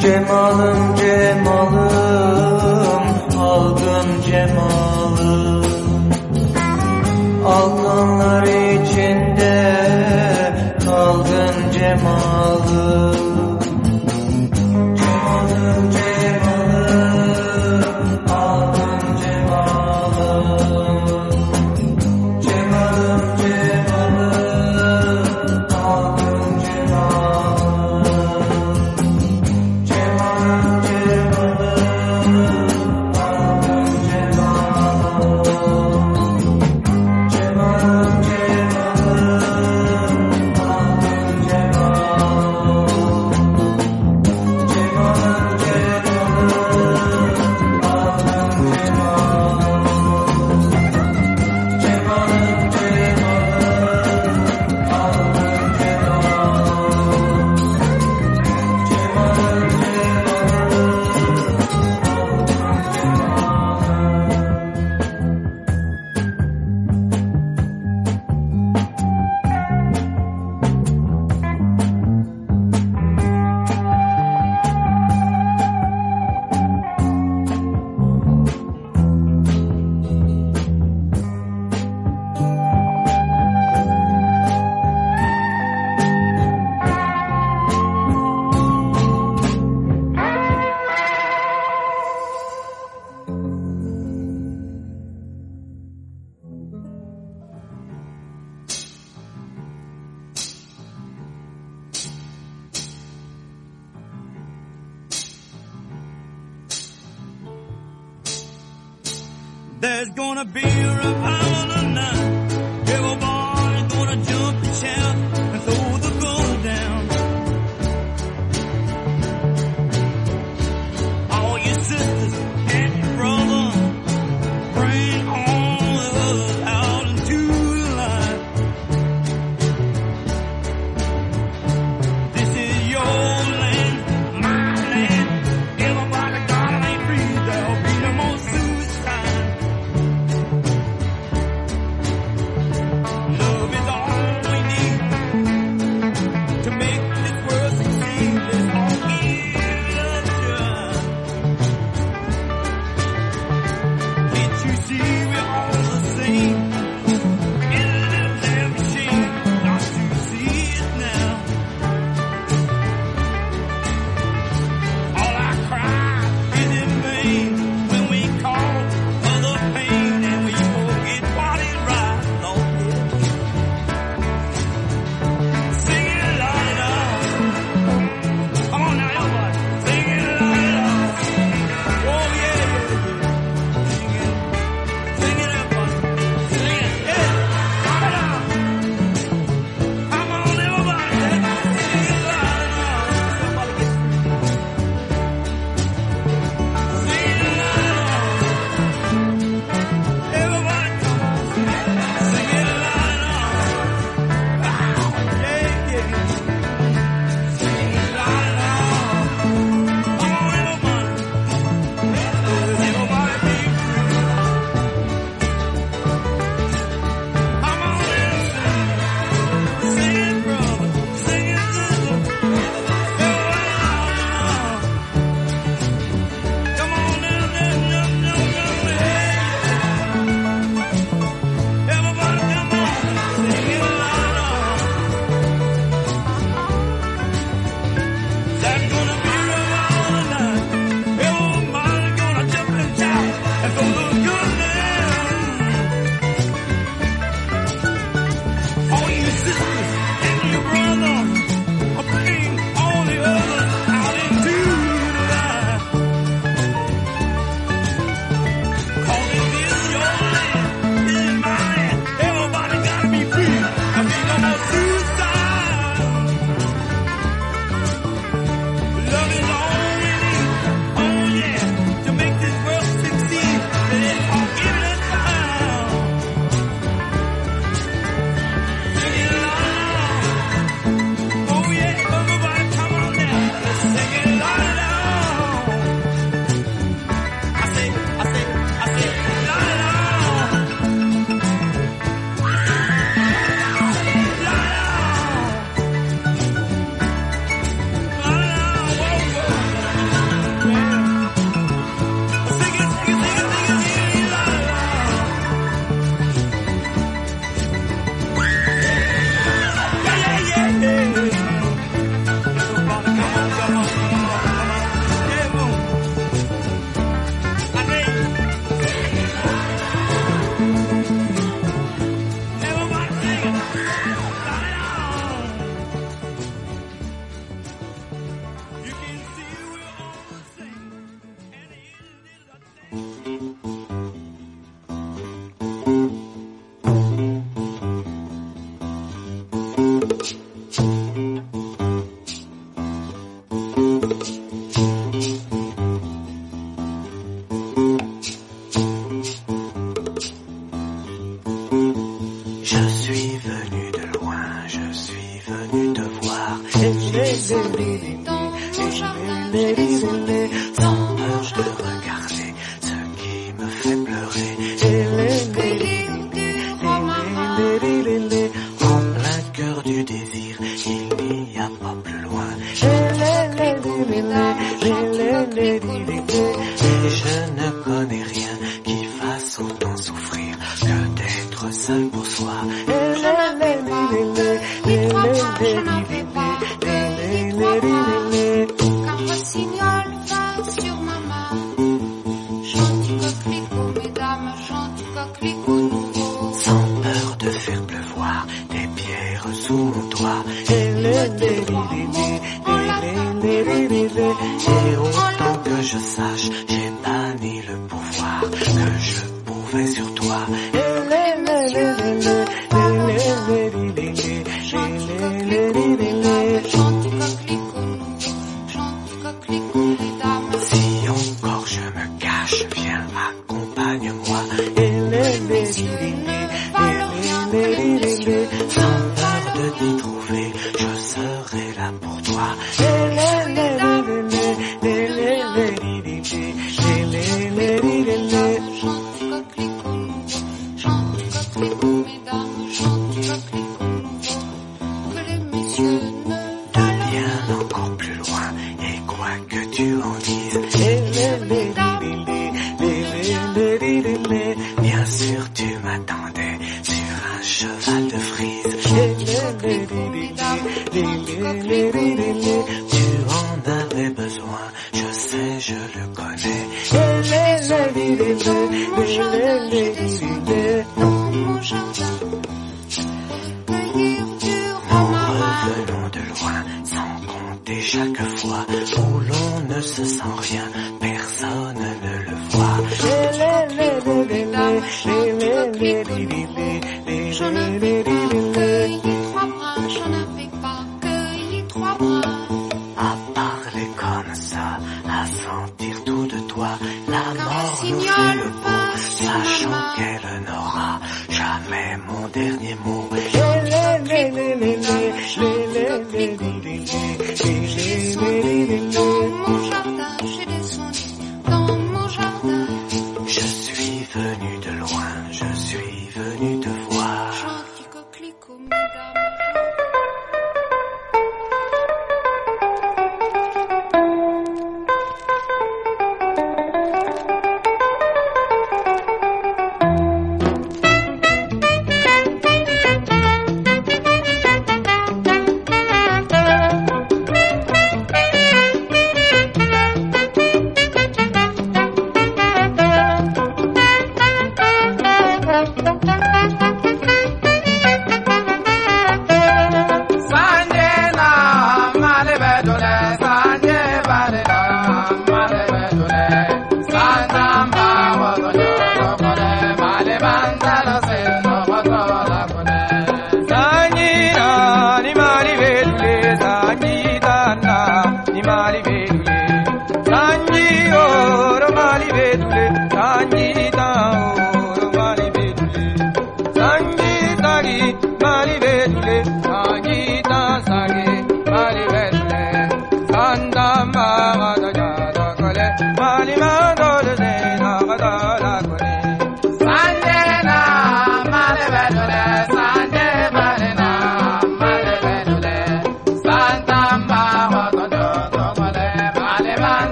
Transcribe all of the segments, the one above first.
Cemalım cemalım Algın cemalım Alkanlar içinde Kalgın cemalım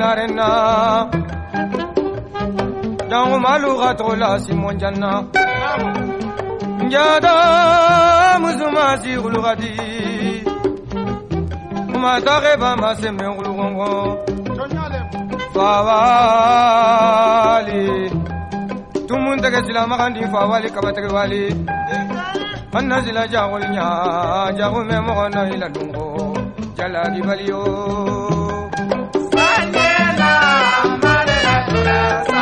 نارنا دعو مالوغة غلاسي منجنا جادا مزمازي غلغدي وما تغيبا ما سمي غلغنغو tumun sila magandi fawali kaba wali anna sila jagol nya jago me mo na ila dungo jala di Buenas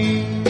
You.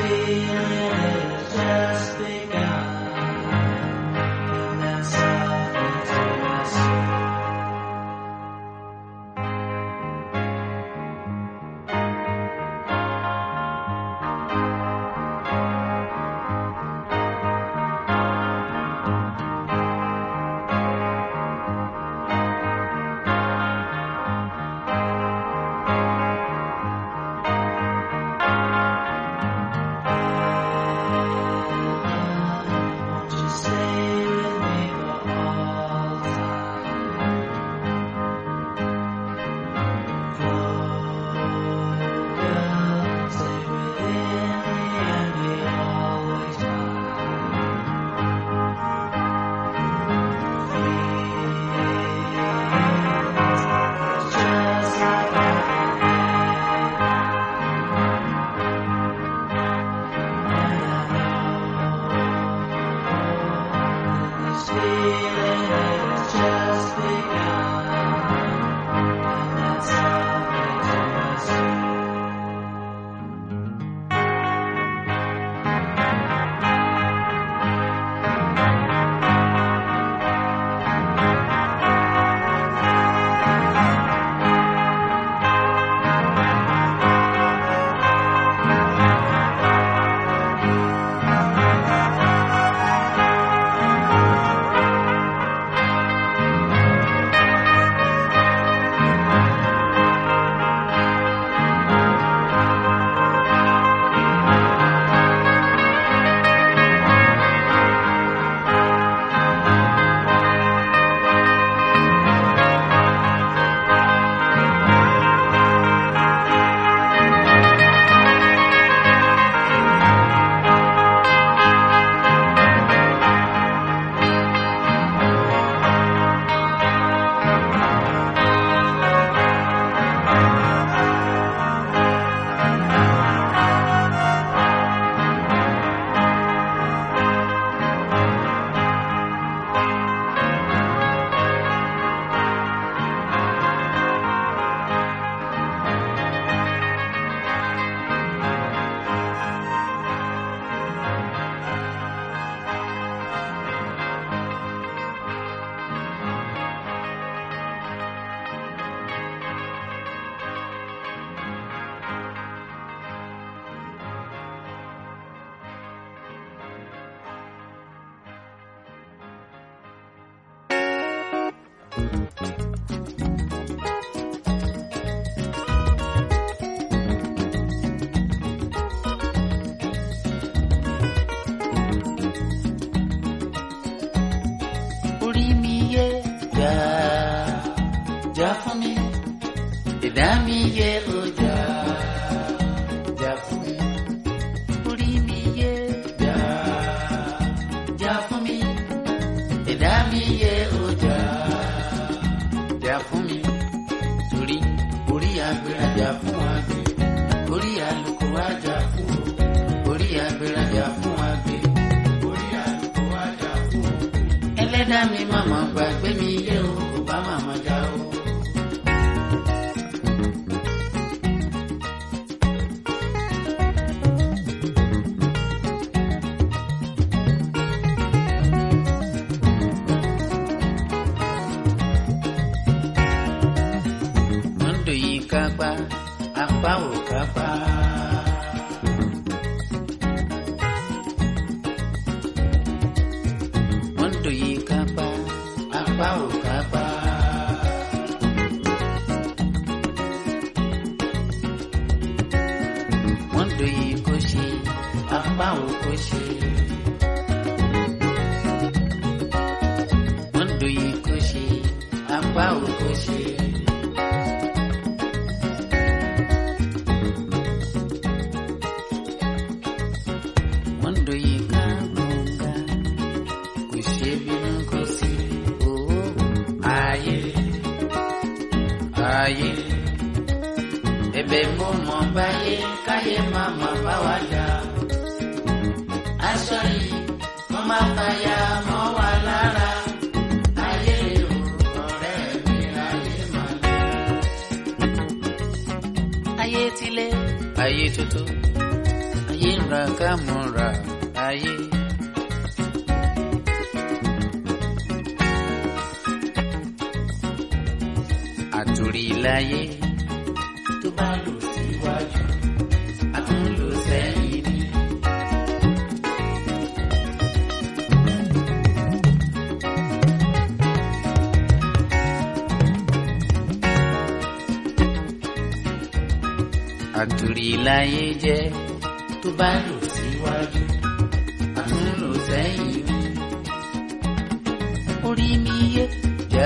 see.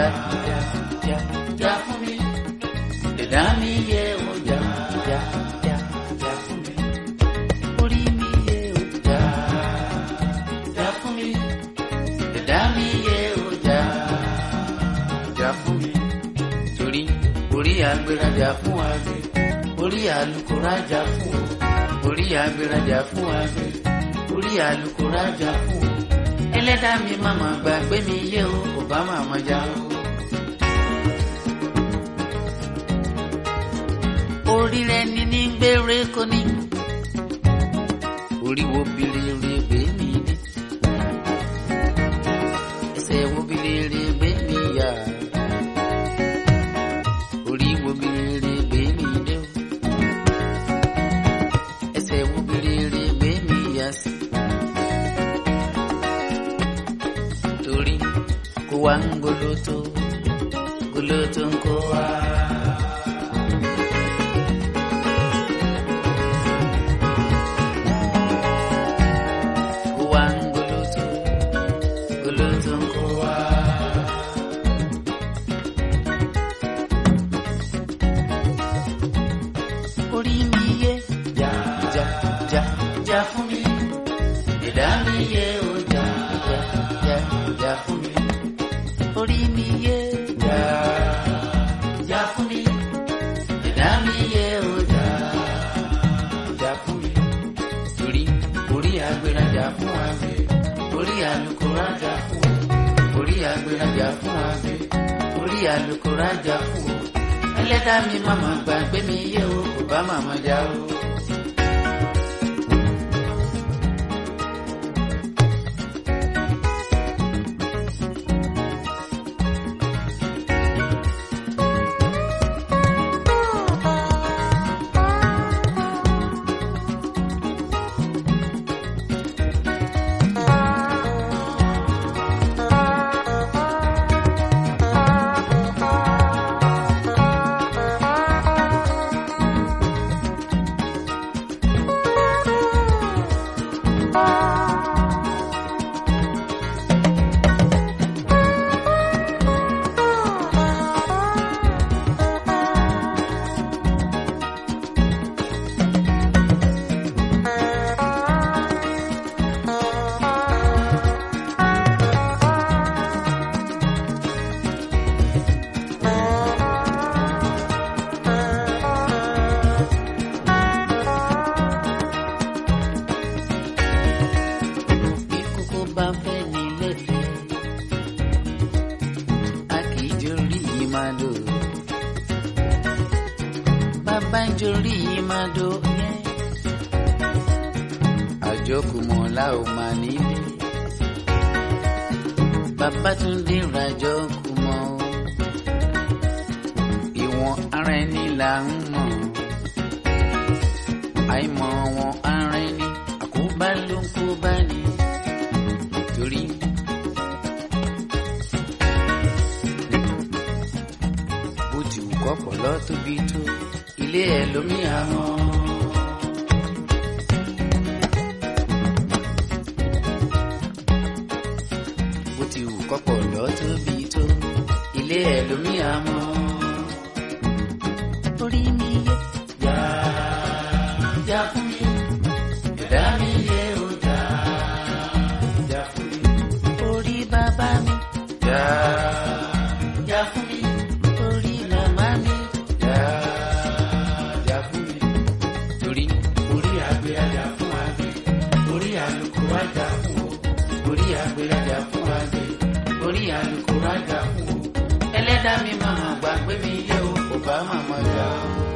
jà mi ẹ̀dá mi yẹ o jà jà jà jà fún mi orí mi yẹ o jà jà fún mi ẹ̀dá mi yẹ o jà jà fún mi torí orí agbèrèjà fún àgbẹ̀ orí alukórajà fún orí agbèrèjà fún àgbẹ̀ orí alukórajà fún ẹlẹ́dàá mi má yé o kò bá màmá já orí lẹni ní gbére kò ní. orí wo bìrì rè gbé mi dé. ẹsẹ̀ wo bìrì rè gbé mi yá. orí wo bìrì rè gbé mi dé. ẹsẹ̀ wo bìrì rè mi yá torí kò wá ń gbólótó kó wá. el mi amor. dá mi màmá gbà pé mi lé o kò màmá jà